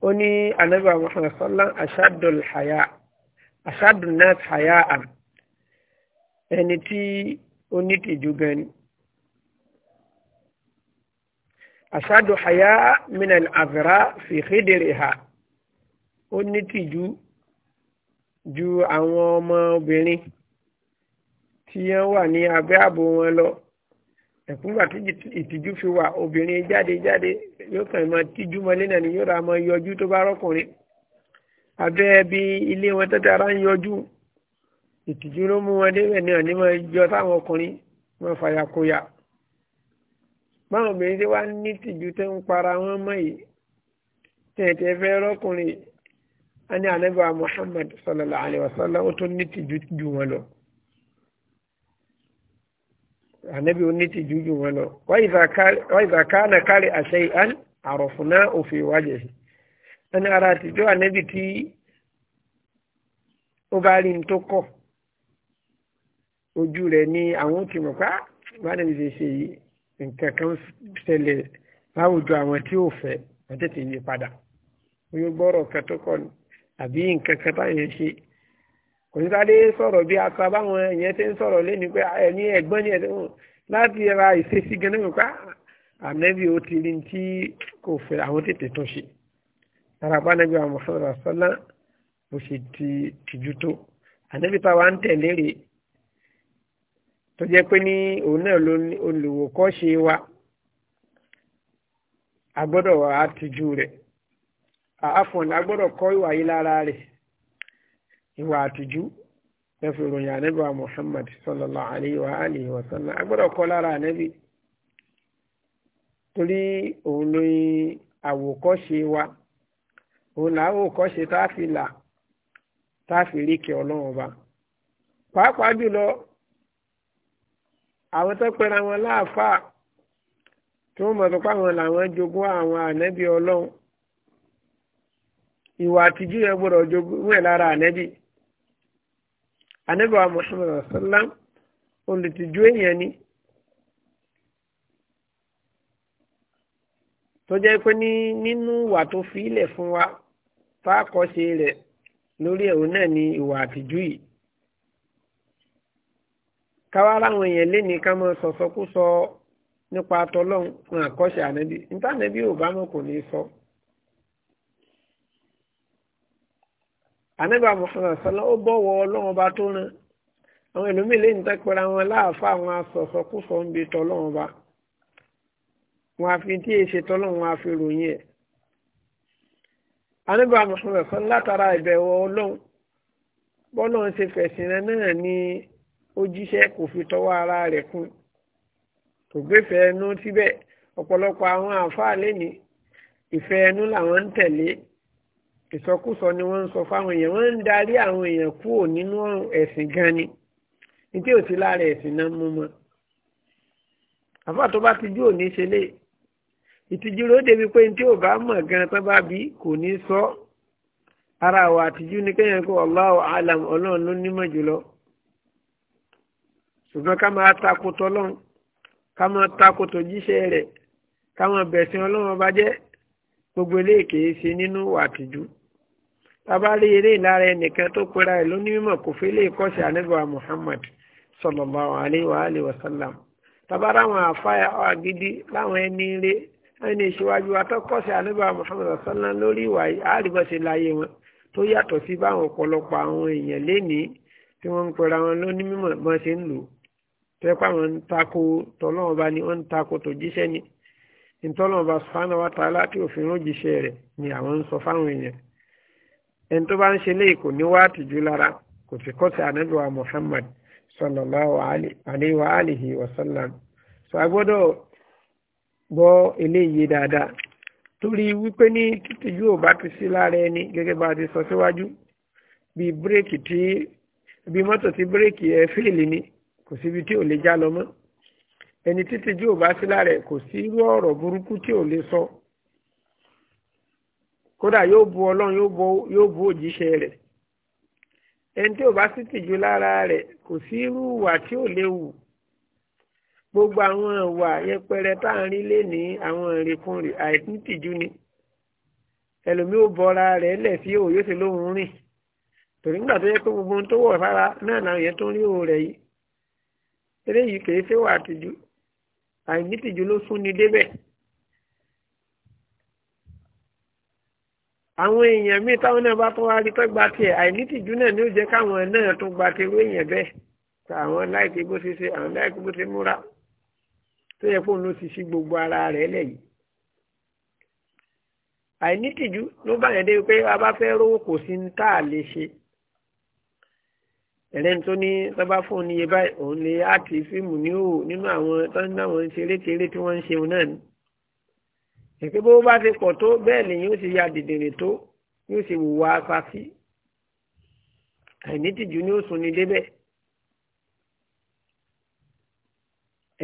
ó ní anábà Muhammad sallam ashadul haya ashadul nas haya am ẹni tí ó ní tìjú gan ni ashadu haya min al-azra fi khidriha ó ní tìjú ju àwọn ọmọ obìnrin tí wọ́n wà ní abẹ́ ààbò wọn lọ ẹ̀kúngbà tí ìtìjú fi wà obìnrin jáde jáde yóò kàn máa tíjú mọ́lé náà ni yóò ra máa yọjú tó bá rọ́kùnrin abẹ́ bí ilé wọn tẹ́tẹ́ ara ń yọjú ìtìjú ló mú wọn débẹ̀ náà ní máa yọ táwọn ọkùnrin máa fàyàkóyà báwọn obìnrin tí wàá ní tìjú tẹ́ ń para wọn mọ́ yìí tẹ̀tẹ̀ fẹ́ rọ́kùnrin á ní ànábì Muhammad sallallahu alaihi wasallam ó tún ní tìjú ju wọn lọ ànábì oníti jújù wọn lọ wọ́n ìzàkánà kárí àṣẹ àn àròfúnná òfin ìwájẹ̀ sí ẹni ara àtijọ́ ànábì tí ó bá rí ní tó kọ̀ ojú rẹ̀ ni àwọn ti mọ̀ pé ah, báyìí ní ṣe ṣe yìí nǹkan kan ṣẹlẹ̀ láwùjọ àwọn tí ò fẹ́ wọ́n tètè yí padà oyún gbọ́rọ̀ kan tó kọ̀ àbí nǹkan kan táyẹ̀ ṣe kòsítàdé sọ̀rọ̀ bí akọ abáwọn èèyàn ti ń sọ̀rọ̀ lẹ́nu pé ah, ẹ̀mí ẹ̀gbọ́n ni ẹ̀dùn láti ra ìṣesí gan náà pa ah, ànẹ́bí ó ti rí tí kò fẹ́ àwọn tètè tún ṣe tarapa ànẹ́bí wa mọ̀sánra sọ́lá bó ṣe ti tìjú tó ànẹ́bí ta wa ń tẹ̀lé rè tó jẹ́ pé ní òun náà ló ní olùwòkọ́ ṣe wa a gbọ́dọ̀ wà á tìjú rẹ̀ àáfọ̀n a gbọ́dọ̀ kọ́ ìwà yìí lára rẹ̀. ìwà àtijú lẹ́fì ìròyìn ànẹ́bà Muhammad sallallahu alayhi wa alihi wa sallam agbọ́dọ̀ kọ́ lára ànẹ́bì torí òun ló yin wa òun là fi là tá ọlọ́run ọba pàápàá jùlọ àwọn tó pera wọn láàfáà tí wọ́n mọ̀ tó pàwọn làwọn jogún àwọn ànẹ́bì ọlọ́run ìwà anábìwá muhammadu sallam olùtìjú èèyàn ni tó jẹ́ pé ní nínú ìwà tó fi ilẹ̀ fún wa tá a kọ́ ṣe rẹ̀ lórí ẹ̀hún náà ni iwa àtìjú yi káwá láwọn èèyàn léni ká máa sọ nípa tọlọ́hún fún àkọ́ṣe ànábì níta ànábì ò bá mọ̀ kò ní sọ. So anábà Muhammad sọlá ó bọ̀wọ̀ ọlọ́run ọba tó rán àwọn ẹlòmíì lẹ́yìn tó pẹ̀lú àwọn aláàfà àwọn asọ̀sọ̀kúsọ ń bi tọ́lọ́run ọba wọn àfi tí èyí ṣe tọ́lọ́run wọn àfi ròyìn ẹ̀ anábà Muhammad sọlá látara ìbẹ̀wọ̀ ọlọ́run bọ́lọ́run ṣe fẹ̀sìn rẹ̀ náà ni ó jíṣẹ́ kò fi tọwọ́ ara rẹ̀ kún kò gbéfẹ̀ẹ́ ẹnu síbẹ̀ ọ̀pọ̀lọpọ̀ àwọn àfáà lẹ́ni ìfẹ́ ẹnu làwọn ń ìsọkúsọ ni wọ́n ń sọ fáwọn èèyàn wọ́n ń darí àwọn èèyàn kúrò nínú ẹ̀sìn gan ni ní tí ò sí lára ẹ̀sìn náà mú mọ́ àfà tó bá tijú ò ní ṣe lé ìtìjú ló débi pé ní ò bá mọ̀ gan tán bá bí kò ní sọ ara àwọn àtijú ní kéèyàn kó Allahu alam ọlọ́run ló nímọ̀ jùlọ ṣùgbọ́n ká máa takotọ ọlọ́run ká máa takotọ jíṣẹ́ rẹ̀ ká máa bẹ̀sìn ọlọ́run ọba jẹ́ gbogbo eléyìí kìí ṣe nínú wàtíjú bàbá rí eré ìlara ẹnìkan tó pera ẹ̀ lónímọ̀ kò fi lè kọ́ṣẹ́ anábìwá Muhammad sallallahu alaihi wa alihi wa sallam bàbá ráwọn àfáà àgídí láwọn ẹni rẹ̀ ẹni ìṣíwájú atọ́kọ́ṣẹ́ anábìwá Muhammad sallam lórí ìwà àríbọ̀ṣe láyé wọn tó yàtọ̀ sí báwọn ọ̀pọ̀lọpọ̀ àwọn èèyàn lénìí tí wọ́n ń pera wọn lónímọ̀ bọ́n ṣe ń lò tẹ́ pàwọn ń tako tọ́lọ́wọ́n bá ní wọ́n ń tako tó jíṣẹ́ ni ìtọ́lọ́wọ́n bá sùfánà wa tààlà tí òfin ró jíṣẹ́ rẹ̀ ni àwọn ń sọ fáwọn èèyàn ẹni tó bá ń ṣe léyìí kò ní lára kò sì kọ́ sí ànábì Muhammad sallallahu alaihi wa alihi wa sallam so a gbọ́dọ̀ gbọ́ eléyìí dáadáa torí wípé ní títìjú ò bá ti sí lára ẹni gẹ́gẹ́ bá a ti sọ síwájú bí bírèkì tí bí mọ́tò tí bírèkì ẹ fíìlì ni kò síbi tí ò lè já lọ mọ́ ẹni títìjú ò bá sí lára ẹ kò sí irú ọ̀rọ̀ burúkú tí ò lè sọ. So kódà yóò bu ọlọ́run yóò bu òjíṣẹ́ rẹ̀ ẹni tí ò bá sì tìjú lára rẹ̀ kò sí irú ìwà tí ò léwu gbogbo àwọn ìwà yẹpẹrẹ tá à ń rí lé ní àwọn ìrìnkúnrìn àìsí tìjú ni ẹlòmíì ò bọra rẹ̀ lẹ̀ sí òun yóò ṣe lóhun rìn torí nígbà tó yẹ pé gbogbo ohun tó wọ̀ sára náà làwọn yẹn tó ń rí òun rẹ̀ yìí eléyìí kì í ṣe wà tìjú àìní tìjú ló sún ni débẹ̀. àwọn èèyàn míì táwọn náà bá tún wá rí tó gba tiẹ̀ àìnítìjú náà ni ó jẹ́ káwọn náà tún gba tiẹ̀ lóyìn bẹ́ẹ̀ àwọn láìpẹ́ bó ṣe ṣe àwọn láìpẹ́ bó ṣe múra tó yẹ kó ló ti ṣí gbogbo ara rẹ̀ lẹ́yìn àìnítìjú ló bá yẹn dé pé a bá fẹ́ rówó kò sí ní tá a lè ṣe ẹ̀rẹ́ni tó ní tọ́ba fóònù yẹ báyìí òun lè á ti fíìmù ní òò nínú àwọn tó ń náwọn ṣeré ṣeré tí wọ́n ń ṣeun ìpé bó bá ti pọ̀ tó bẹ́ẹ̀ ni yóò ṣe ya dìdìrì tó yóò ṣe wùwà apasí àìnítìjú ni ó sùn ní débẹ̀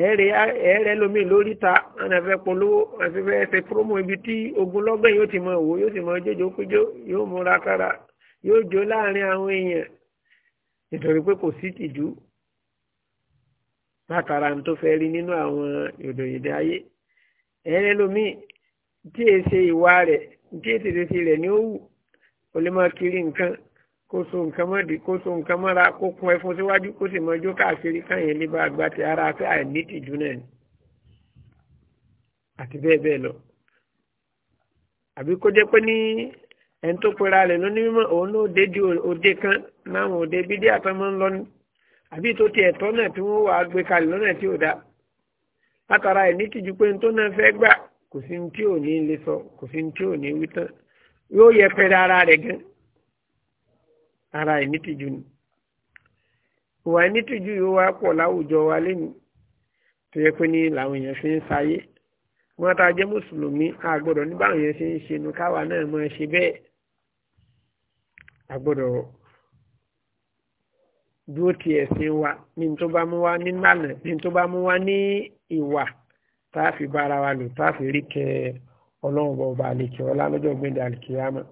ẹ̀ẹ́rẹ́ lómi lórí ta ẹ̀nà fẹ́ polówó àti fẹ́ ṣe promo ibi tí ogun lọ́gbẹ̀ yóò ti mọ òwò yóò sì mọ jójó kújó yóò múra kára yóò jó láàrin àwọn èèyàn nítorí pé kò sí tìjú látara tó fẹ́ rí nínú àwọn yòdòyòdè ayé ẹ̀ẹ́rẹ́ lómi tí è ṣe ìwà rẹ̀ tí è tètè ṣe rẹ̀ ni ó wù kiri nǹkan kó so nǹkan mọ́ kó so nǹkan mọ́ra kó kun ẹfun síwájú kó sì máa káàkiri káyẹn lè bá ti ara fẹ́ àìní tìjú náà ni àti bẹ́ẹ̀ bẹ́ẹ̀ lọ àbí kó jẹ́ pé ní ẹni tó pera rẹ̀ ní mímọ́ òun di kan láwọn òde bídí àtọmọ́ ń lọ ní àbí tó ti ẹ̀tọ́ náà tí wọ́n wàá gbé kalẹ̀ lọ́nà tí ò dá látara ẹ̀ ní tìjú pé ní kò sí tí ò ní lè sọ kò sí tí ò ní wí tán yóò yẹpẹrẹ ara rẹ̀ gan ara ìnítìjú ni ìwà ìnítìjú yóò wá pọ̀ láwùjọ wa lẹ́nu tó yẹ pé ní làwọn èèyàn fi ń sáyé wọn ta jẹ́ mùsùlùmí a gbọ́dọ̀ ní báwọn èèyàn ṣe ń ṣe nu káwa náà mọ ṣe bẹ́ẹ̀ a gbọ́dọ̀ dúró ti ẹ̀sìn wa ní tó bá mú wa ní lànà ní tó bá mú wa ní ìwà táàfi bá ara wa lò táàfi rí kẹ ọlọ́run bọ̀ ọba àlèkè ọlá lọ́jọ́ gbẹ̀dẹ̀ àlèkè yámọ́.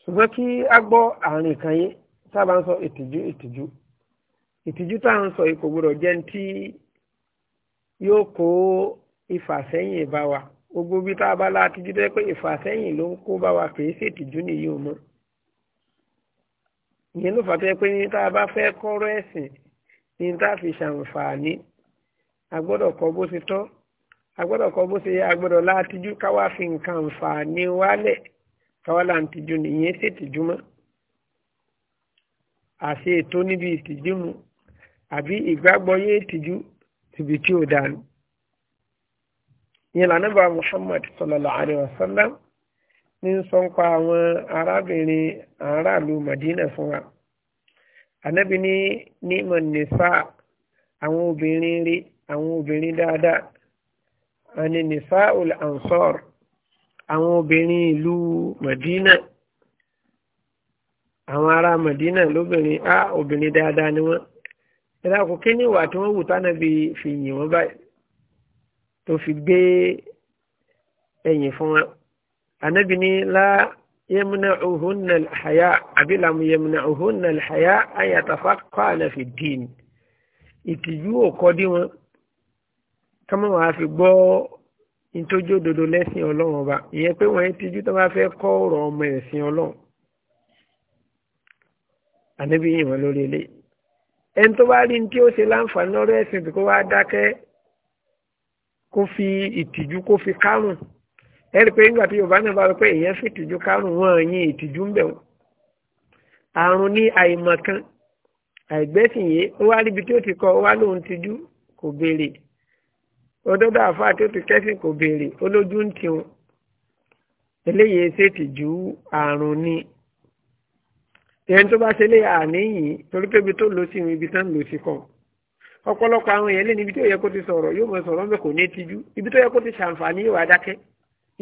ṣùgbọ́n kí a gbọ́ àárín kan yé sábà ń sọ ìtìjú ìtìjú ìtìjú tá à ń sọ yìí gbọdọ̀ jẹ́ ní tí yóò kó ìfàsẹ́yìn bá wa gbogbo bí tá a bá la tìjú tó yẹ pé ìfàsẹ́yìn ló ń kó bá wa kì í ṣètìjú nìyí o mọ́ ìyẹn ló fàtọ́ pé ní tá a bá fẹ́ kọ́rọ́ ẹ̀sìn ní tá a fi ṣàǹfààní a gbọ́dọ̀ kọ́ bó ṣe tọ́ a gbọ́dọ̀ kọ́ bó ṣe yẹ a gbọ́dọ̀ látìjú káwá fi nǹkan àǹfààní wálẹ̀ káwá láǹtìjú nìyẹn ṣètìjú mọ́ àṣe ètò níbi ìtìjú mu àbí ìgbàgbọ́ yé ìtìjú tìbí tí ò dànù. ìyẹn lànà bá Muhammad sallallahu alaihi wasallam ní sọ́npa àwọn arábìnrin aráàlú Madina fún wa anabi ní nímọ̀ nìfà àwọn obìnrin rí àwọn obìnrin dáadáa àni nìfà ul ansor àwọn obìnrin ìlú Madina àwọn ará Madina lóbìnrin á obìnrin dáadáa ni wọ́n ẹ̀dá kò kí ní ìwà tí wọ́n wù tánàbí fi yìn báyìí tó fi gbé ẹ̀yìn fún wọn anabi ni la yẹmúnà òhun nà lẹ́hàyà àbí làmú yẹmúnà òhun nà lẹ́hàyà ayàtàfà kọ́ ànàfi dín ìtìjú òkọ́dí wọn kọ́mọ́ wàá fi gbọ́ ntójú òdodo lẹ́sìn ọlọ́run ọba ìyẹn pé wọ́n tìjú tó bá fẹ́ kọ́ ọ̀rọ̀ ọmọ ẹ̀sìn ọlọ́run ànábì yìí wọn lórí ilé ẹni tó bá rí ní tí ó ṣe láǹfààní lọ́rọ̀ ẹ̀sìn kó wá dákẹ́ kó fi ìtìjú kó fi kárùn ẹ rí i pé nígbà tí yorùbá náà bá rọ pé èèyàn fi ìtìjú kárùn wọn yin ìtìjú ń bẹ̀ wọ́n àrùn ní àìmọ̀kan àìgbẹ́sìnyé ó wá ríbi tí ó ti kọ ó wá lóun tijú kò béèrè òdodo àfáà tó ti kẹ́sìn kò béèrè olójú ń tiwọn eléyìí ṣe tìjú àrùn ni ìyẹn tó bá ṣe lé àníyìn torí pé ibi tó lò sí ibi tán lò sí kọ ọ̀pọ̀lọpọ̀ àwọn èèyàn lé níbi tí ó yẹ kó ti sọ̀rọ̀ yóò mọ sọ̀rọ̀ ńbẹ kò ní tijú ibi tó yẹ kó ti ṣàǹfààní yóò wá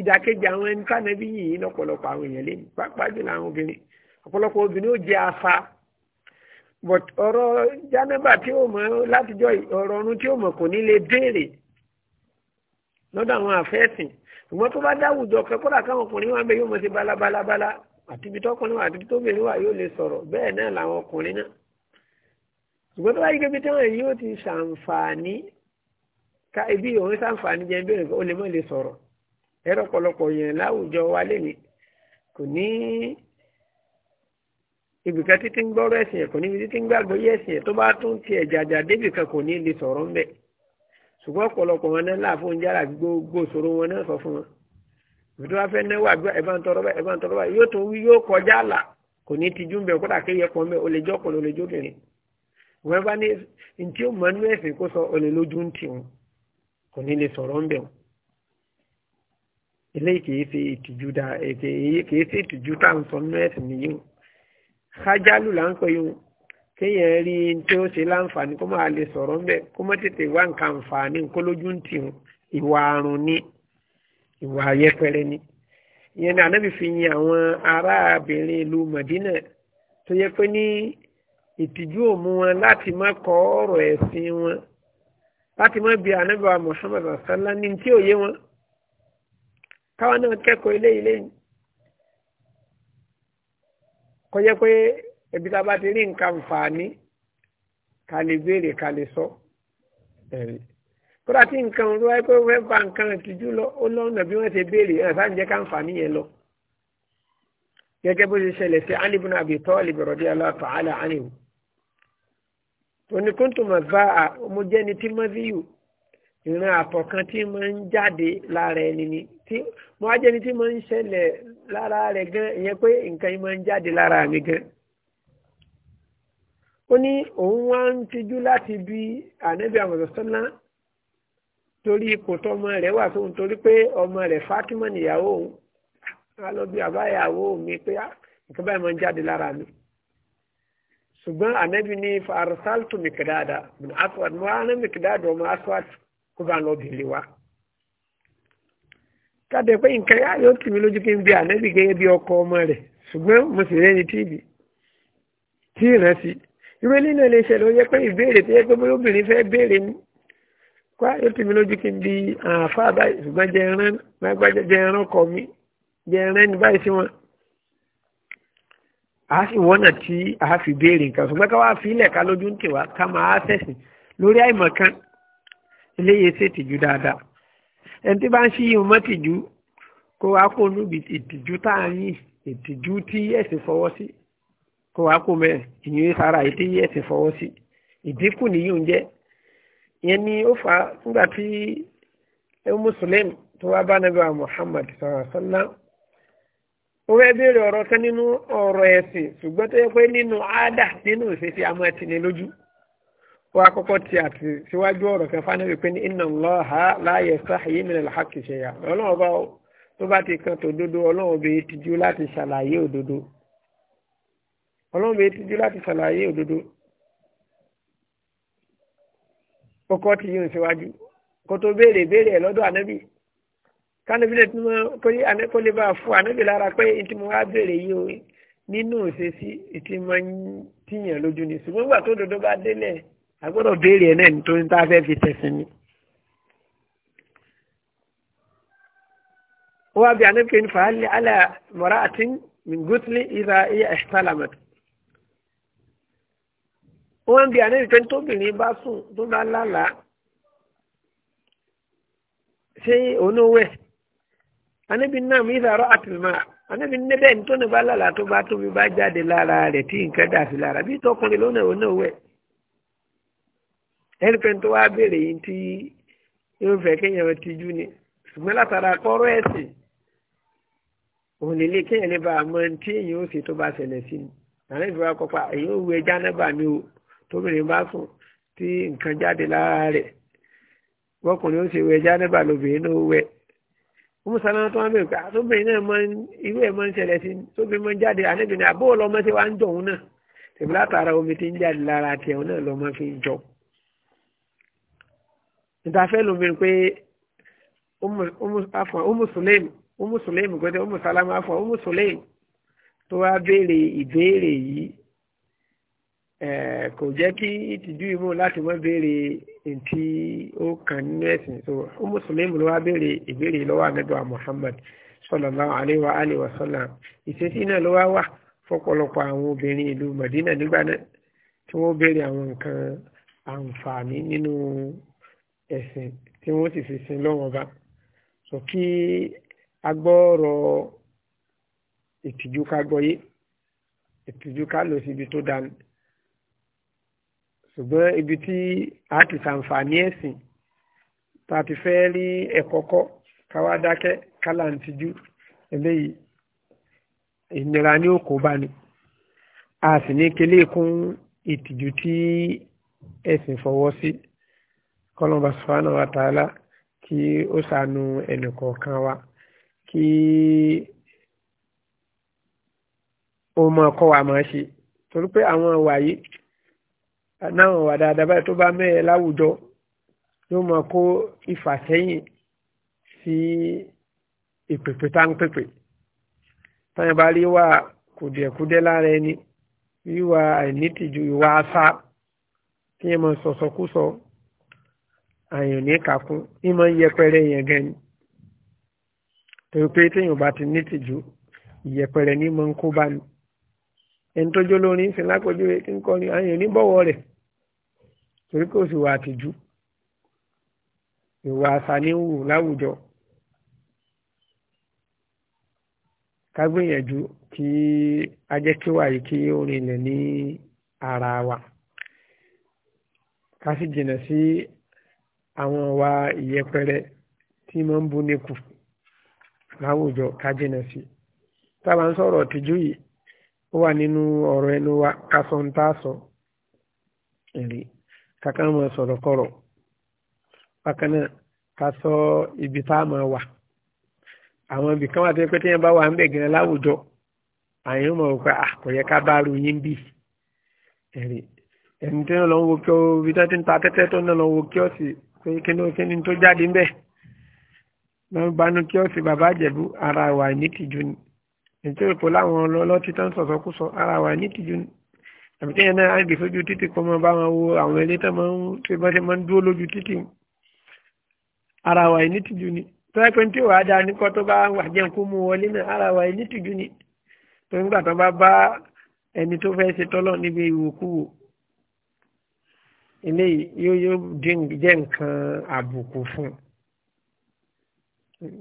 ìdàkejì àwọn ẹni tánàbí yìí lọ́pọ̀lọpọ̀ àwọn èèyàn lẹ́nu pàápàá jùlọ àwọn obìnrin ọ̀pọ̀lọpọ̀ obìnrin ó jẹ́ afa but ọ̀rọ̀ jánábà tí ó mọ̀ látijọ́ ọ̀rọ̀ ọ̀run tí ó mọ̀ kò ní lè béèrè lọ́dọ̀ àwọn àfẹ́sìn ṣùgbọ́n tó bá dáwùjọ kan kódà káwọn ọkùnrin wa ń bẹ yóò mọ̀ sí balabalabala àti ibi tọkùnrin wa àti ibi tóbìnrin wa yóò lè sọ̀rọ̀ ẹ̀rọ ọ̀pọ̀lọpọ̀ yẹn láwùjọ wa lẹ́ni kò ní ibìkan títí ń gbọ́rọ̀ ẹ̀sìn ẹ̀ kò níbi títí ń gbàgbọ́ yẹ ẹ̀sìn ẹ̀ tó bá tún ti ẹ̀jàjà débì kan kò ní lè sọ̀rọ̀ ń bẹ̀ ṣùgbọ́n ọ̀pọ̀lọpọ̀ wọn náà láàfún oúnjẹ àrà gbogbo ìṣòro wọn náà sọ fún wọn ìbí tó bá fẹ́ náwó àgbà ẹ̀ bá ń tọrọ báyìí ẹ̀ bá ń tọrọ báyìí yóò tún wí yóò kọjá àlà kò ní tijú ń kódà kéye kan bẹ́ẹ̀ olè jọ́kùnrin olè jókìnrin wọ́n bá ní ntí ó mọ̀ nínú ẹ̀sìn kó sọ olè lójú ń tì wọn kò ní lè sọ̀rọ̀ ń wọn eléyìí kìí ṣe ìtìjú dá eh, kìí ṣe ìtìjú tá à ń sọ ẹ̀sìn nìyí o kájálù là ń pè yín o kéèyàn rí i tí ó ṣe láǹfààní kó máa lè sọ̀rọ̀ ńbẹ kó má tètè wá nǹkan àǹfààní nǹkó lójú ń tì wọn ìwà àrùn ni ìwà yẹpẹrẹ ni ìyẹn ni ànábì fi yin àwọn arábìnrin ìlú Mẹdínà tó yẹ pé ní ìtìjú ò mú wọn láti má kọ ọ̀rọ̀ ẹ̀sìn wọn láti má bi ànábì wa Muhammad sallallahu alaihi ní tí ò wọn káwọn náà kẹ́kọ̀ọ́ eléyìí lẹ́yìn kó jẹ́ pé ibi tá a bá ti rí nǹkan fàání ká lè béèrè ká lè sọ ẹ̀rí kódà tí nǹkan ló wáyé pé ó fẹ́ ba nǹkan ìtìjú lọ ó lọ́nà bí wọ́n ti béèrè ẹ̀ sáà ń jẹ́ ká nǹfààní yẹn lọ gẹ́gẹ́ bó ṣe ṣẹlẹ̀ sí Ali ibn Abi Talib radiyallahu ta'ala anhu. Òní kúntùmọ̀ bá a mo jẹ́ ni Timothy ìran àkọ́kan tí mo ń jáde lára ẹni ni tí mo wá jẹ́ni tí mo ń ṣẹlẹ̀ lára rẹ̀ gan ìyẹn pé nǹkan yìí mo ń jáde lára mi gan. ó ní òun wá ń tijú láti bí ànábì àmọ̀sọ́sọ́lá torí ipò tọmọ rẹ̀ wà fún un torí pé ọmọ rẹ̀ Fatima nìyàwó òun wá lọ bí àbáyàwó mi pé ah, nǹkan báyìí mo ń jáde lára mi ṣùgbọ́n ànábì ní fa arsaltu Mikdada mo wá ní Mikdada ọmọ Aswad kó bá lọ délé wa. káde pé nǹkan yá yóò tì mí lójú kí n bí ànábì gẹ́gẹ́ bí ọkọ ọmọ rẹ̀ ṣùgbọ́n mo sì rẹ́ni tíìbì tí ìrántí ìwé nínú ilé iṣẹ́ ló yẹ pé ìbéèrè tó yẹ pé bóyá obìnrin fẹ́ béèrè ní kó yóò tì mí lójú kí n bí àáfà báyìí ṣùgbọ́n jẹ ẹran lágbájá jẹ ẹran ọkọ mi jẹ ẹran ní báyìí sí wọn. a sì wọ́nà tí a fi béèrè nǹkan ṣùgbọ́n ká wá fi ilẹ̀ ká lójú ń tì wá ká máa ṣẹ̀sìn lórí àìmọ̀kan eléyìí ṣe tìjú dáadáa ẹni tí bá ń ṣí ìhun mọ́ tìjú kó wá kó níbi ìtìjú tá à yìn ìtìjú tí ẹ̀sìn fọwọ́ sí kó wá kó mẹ́ ìyún sára èyí tí ẹ̀sìn fọwọ́ sí ìdínkù nìyí oúnjẹ ìyẹn ni ó fà á nígbà tí ẹ̀wọ̀n mùsùlùmí tó wá bá nàbẹ́ wa Muhammad sọ̀rọ̀sọ́lá ó fẹ́ béèrè ọ̀rọ̀ kan nínú ọ̀rọ̀ ẹ̀sìn ṣùgbọ́n tó yẹ pé nínú àádà nínú ìṣesí amọ̀ ẹ̀tìnilójú ó wá kọ́kọ́ ti àti síwájú ọ̀rọ̀ kẹfà níbi pé ní inna Allaha la yastahyi min al-haqqi shay'a ọlọ́run ọba tó bá ti kan tòdodo ọlọ́run ọba ti jú láti ṣàlàyé òdodo ọlọ́run ọba ti jú láti ṣàlàyé òdodo kọ́kọ́ ti yún síwájú kó tó béèrè béèrè ẹ̀ lọ́dọ̀ ànábì kánibí lè tún mọ́ kó lè bá fún ànábì lára pé ní tí mo wá béèrè yìí o nínú òṣèṣì ìtìmọ̀ tíyàn lójú ni ṣùgbọ́n gbà tó dodo bá délẹ̀ a gbọ́dọ̀ béèrè ẹ̀ náà nítorí tá a fẹ́ fi tẹ̀sìn ni. ó wá bí anábìkẹ́ ní fàálì alẹ́ mọ̀rá àti gútlì ìra ìyá ẹ̀ṣtálàmẹ̀t. ó wá bí anábìkẹ́ tóbìnrin bá sùn tó bá lálàá ṣé onówẹ̀ anábì náà mi ìra rọ́ àtìmọ́ anabi níbẹ̀ ní tó ní bá lára tó bá tóbi bá jáde lára rẹ̀ tí nǹkan dà sí lára bí tọkùnrin lónà òun ẹni pé tó wá béèrè yìí tí yóò fẹ́ kéèyàn tijú ni ṣùgbọ́n látara kọ́rọ́ ẹ̀sìn òun lè lè kéèyàn lè ba àmọ́ tí èèyàn ó sì tó bá ṣẹlẹ̀ sí ni àlẹ́ ìfowópamọ́ kọ́pa èèyàn ò wú ẹja nẹ́bà mi o tóbìnrin bá sùn tí nǹkan jáde lára rẹ̀ wọ́kùnrin ó sì wú ẹja nẹ́bà lóbìnrin náà wẹ̀ musalama tó wọn bẹ pé àtúbìnrin ah, náà máa irú ẹ máa ń ṣẹlẹ̀ sí tóbi máa ń jáde àníbìnrin àbó lọmọ tí wàá ń jọ òun náà tèmi látara omi tí ń jáde lára tiẹ̀ òun náà lọmọ fi ń jọ ìdáfẹ́ lómi pé umu sulaim umu sulaim gbẹdẹ umu salama afọ umu sulaim tó wá béèrè ìbéèrè yìí kò jẹ́ kí ìtìjú ìmú láti mọ́ béèrè ntí ó kàn nínú ẹ̀sìn so umu sulaim ló wá béèrè ìbéèrè lọ́wọ́ ànábì muhammad sallallahu alaihi wa alihi wa sallam ìṣesí náà ló wá wà fọ́pọ̀lọpọ̀ àwọn obìnrin ìlú madina nígbà tí wọ́n béèrè àwọn nǹkan àǹfààní nínú ẹ̀sìn tí wọ́n sì fi sin lọ́wọ́ ọba sọ kí agbọ́rọ̀ ìtìjú ká gbọ́yé ìtìjú ká lọ sí ibi tó dáa ṣùgbọ́n ibi tí a ti ṣàǹfààní ẹ̀sìn ta ti fẹ́ rí ẹ̀kọ́ kọ́ dákẹ́ kálá ń tijú eléyìí ìnira ní òkò bá ni a sì ní kele kún ìtìjú tí ẹ̀sìn fọwọ́ sí. Si kọlọmọba sọfàánà wa tààlà kí ó sànù ẹnìkọ̀ọ̀kan wa kí ó máa kọ́ wa máa ṣe torí pé àwọn ìwà yìí náwọn ìwà dáadáa báyìí tó bá mẹ́ẹ̀ láwùjọ yóò máa kó ìfàsẹ́yìn sí ìpèpè tá táyà bá rí wà kùdìẹ̀kudẹ́ lára ẹni wíwà àìnítìjú ìwà asá kí ẹ máa sọ̀sọ̀kúsọ. So, so, àyàn ní kàkún ìmọ̀ yẹpẹrẹ yẹn gan ni torí pé téèyàn bá ti ní tìjú ìyẹpẹrẹ ní mọ̀ ń kó bá ni ẹni tó jó lórí ìsìn lápòjúwe tí ń kọrin àyàn ní bọ̀wọ̀ rẹ̀ torí kò sì wà àtìjú ìwà àṣà ní wù láwùjọ ká kí ajẹ́kíwà yìí kí ó rinlẹ̀ ní ara wa ká sì jìnnà sí àwọn wa ìyẹpẹrẹ tí máa ń bú níkù láwùjọ ká jìnà sí táwa ń sọ̀rọ̀ tìjú yìí ó wà nínú ọ̀rọ̀ ẹnu wa ká sọ ń tá a sọ èrè kàkà mọ̀ sọ̀rọ̀ kọ̀rọ̀ bákan náà ká sọ ibi tá a máa wà àwọn ibì kan wà tó yẹ pé téèyàn bá wà ń bẹ̀ gẹ́gẹ́ láwùjọ àyàn mọ̀ pé ah, kò yẹ ká bá ru yín bì èrè ẹni tí wọ́n lọ ń wo kí ó ibi tí ti ń ta tẹ́tẹ́ tó ń lọ wo kí ó sì pé kínní tó jáde ń bẹ̀ lọ́n banú kí ọ̀sìn bàbá àjẹ̀bú ara wà nítìjú ni ètò ìpò láwọn ọlọ́tí tán sọ̀sọ́kúsọ ara wà nítìjú ni àbí téèyàn náà á gbé sójú títì kó máa bá wọn wo àwọn ilé tán máa ń ṣe bá ṣe máa ń dúró lójú títì ara wà nítìjú ni tó yẹ pé tí ò wá dáa níkọ́ tó bá wà jẹun kó mú wọlé náà ara wà nítìjú ni tó ń gbà tó bá bá ẹni tó fẹ́ ṣe tọ́lọ̀ níbi ìwòkúwò eléyìí yóò yóò jẹ́ nǹkan àbùkù fún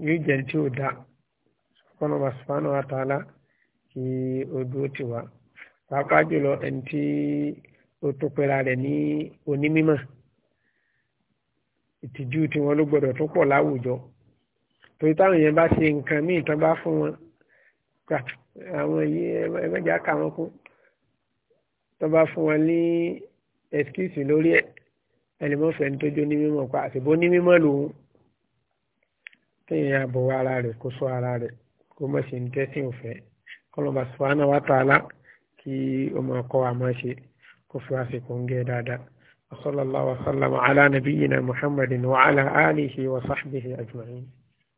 yóò jẹ́ tí ó dá ọ̀nà subhanahu wa ta'ala kí ó dúró tì wá pàápàá jùlọ ẹni tí ó tó pera rẹ̀ ní onímímọ̀ ìtìjú tí wọn ló gbọdọ̀ tó pọ̀ láwùjọ torí táwọn èèyàn bá ṣe nǹkan míì tán bá fún wọn gbà àwọn yìí ẹgbẹ́jà kà wọ́n kú tán bá fún wọn ní ẹ̀skíìsì lórí ẹ̀ ẹlẹ́mọ̀fẹ́ ní tójú ní mímọ̀ pa àṣìbó ní mímọ̀ lòun téèyàn àbọ̀ ara rẹ̀ kó sọ ara rẹ̀ kó mọ̀ ṣe ń tẹ́sí òfẹ́ kọlọ́ba sùfàánà wa tààlà kí ọmọ ọkọ wa máa ṣe kó fi wá sí kóńgẹ́ dáadáa wa sallallahu wa sallama ala nabiyyina muhammadin wa ala alihi wa sahbihi ajma'in.